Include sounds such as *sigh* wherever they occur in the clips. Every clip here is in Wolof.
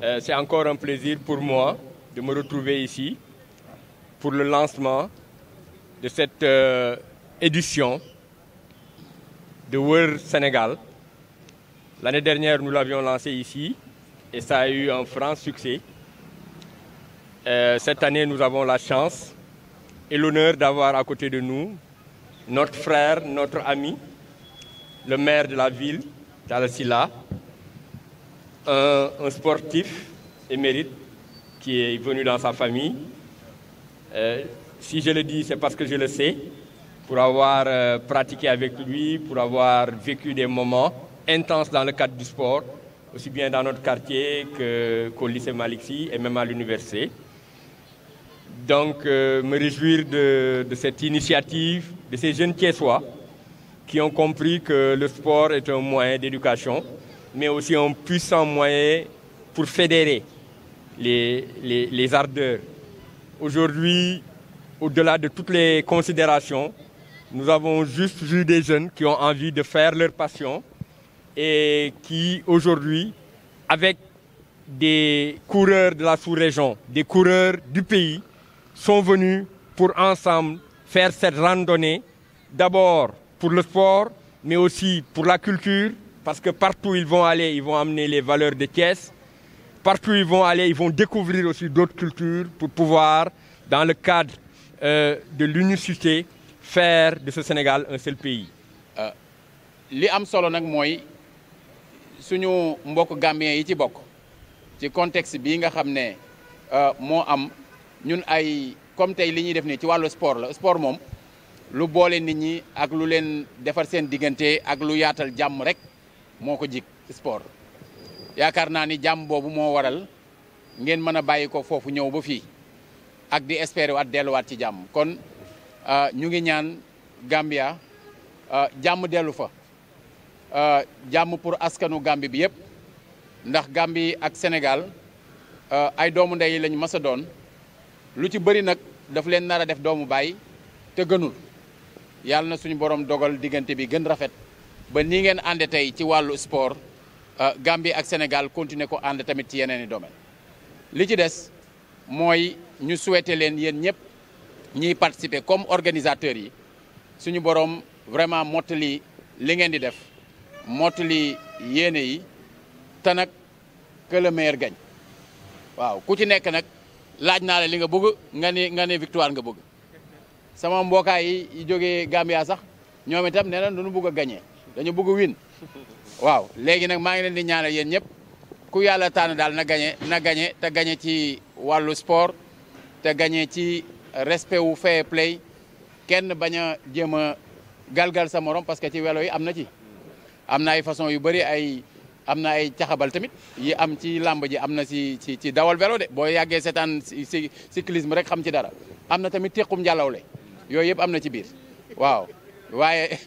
Euh, c'est encore un plaisir pour moi de me retrouver ici pour le lancement de cette euh, édition de Wër Sénégal. L'année dernière, nous l'avions lancé ici et ça a eu un franc succès. Euh, cette année, nous avons la chance et l'honneur d'avoir à côté de nous notre frère, notre ami, le maire de la ville, Dalasila, un, euh, un sportif émérite qui est venu dans sa famille. Euh, si je le dis, c'est parce que je le sais, pour avoir euh, pratiqué avec lui, pour avoir vécu des moments intenses dans le cadre du sport, aussi bien dans notre quartier qu'au qu lycée Malixi et même à l'université. Donc, euh, me réjouir de, de, cette initiative, de ces jeunes Thiessois qui ont compris que le sport est un moyen d'éducation, mais aussi un puissant moyen pour fédérer les, les, les ardeurs. Aujourd'hui, au-delà de toutes les considérations, nous avons juste vu des jeunes qui ont envie de faire leur passion et qui aujourd'hui, avec des coureurs de la sous-région, des coureurs du pays, sont venus pour ensemble faire cette randonnée, d'abord pour le sport, mais aussi pour la culture, Parce que partout où ils vont aller, ils vont amener les valeurs de Thiès. Partout où ils vont aller, ils vont découvrir aussi d'autres cultures pour pouvoir, dans le cadre euh, de l'unicité, faire de ce Sénégal un seul pays. Euh, li am solo nag mooy suñu mbokk gambien yi ci bokk ci contexte bii nga xam ne euh, moo am ñun ay comme tey li ñuy def nii ci wàllu sport la sport moom lu boole nit ñi ak lu leen defar seen diggante ak lu yaatal jàmm rek moo ko jik spor yaakaar naa ni jàmm boobu moo waral ngeen mën a bàyyi ko foofu ñëw ba fii ak di espérer waat delluwaat ci jàmm kon euh, ñu ngi ñaan Gambia euh, jàmm dellu fa euh, jàmm pour askanu Gambie bi yëpp ndax Gambie ak Sénégal ay doomu ndey lañ mas a doon lu ci bëri nag daf leen nar a def doomu baay te gënul yàlla na suñu borom dogal diggante bi gën rafet ba nii ngeen ànde tey ci wàllu sport euh, gambi ak Sénégal continuer ko ànd tamit ci yeneen i domaine li ci des mooy ñu souhaiter leen yéen ñëpp ñiy participer comme organisateurs yi suñu boroom vraiment mottali li ngeen di def mottali yéene yi te nag que le waaw ku ci nekke nag laaj naa la li nga bëgg nga ne nga ne victoire nga bëgg sama mbookaay yi jógee Gambia sax ñoom tam nee na duñu bëgg a gagné. dañu bëgg win *laughs* waaw léegi nag maa ngi leen di ñaanal yéen ñëpp ku yàlla tànn daal na gañe na gañe te gañe ci wàllu sport te gañe ci respect wu fair play kenn bañ a jéem a galgal sa morom parce que ci welo yi am na ci am na ay façon yu bëri ay am na ay caxabal tamit yi am ci làmb ji am na ci ci ci dawal welow de boo yàggee seetaan ci cyclisme rek xam ci dara am na tamit tequm njalawle yooyu yëpp am na ci biir waaw waaye *laughs*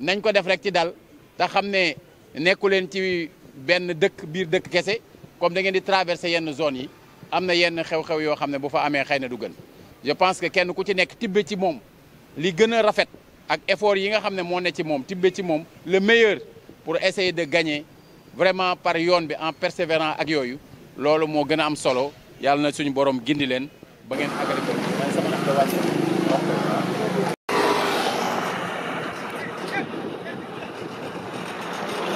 nañ ko def rek ci dal ta xam ne nekku leen ci benn dëkk biir dëkk kese comme da ngeen di traverser yenn zone yi am na yenn xew-xew yoo xam ne bu fa amee xëy na du gën je pense que kenn ku ci nekk tibbe ci moom li gën a rafet ak effort yi nga xam ne moo ne ci moom tibbe ci moom le meilleur pour essayer de gagner vraiment par yoon bi en persévérant ak yooyu loolu moo gën a am solo yàlla na suñu borom gindi leen ba ngeen àggale ko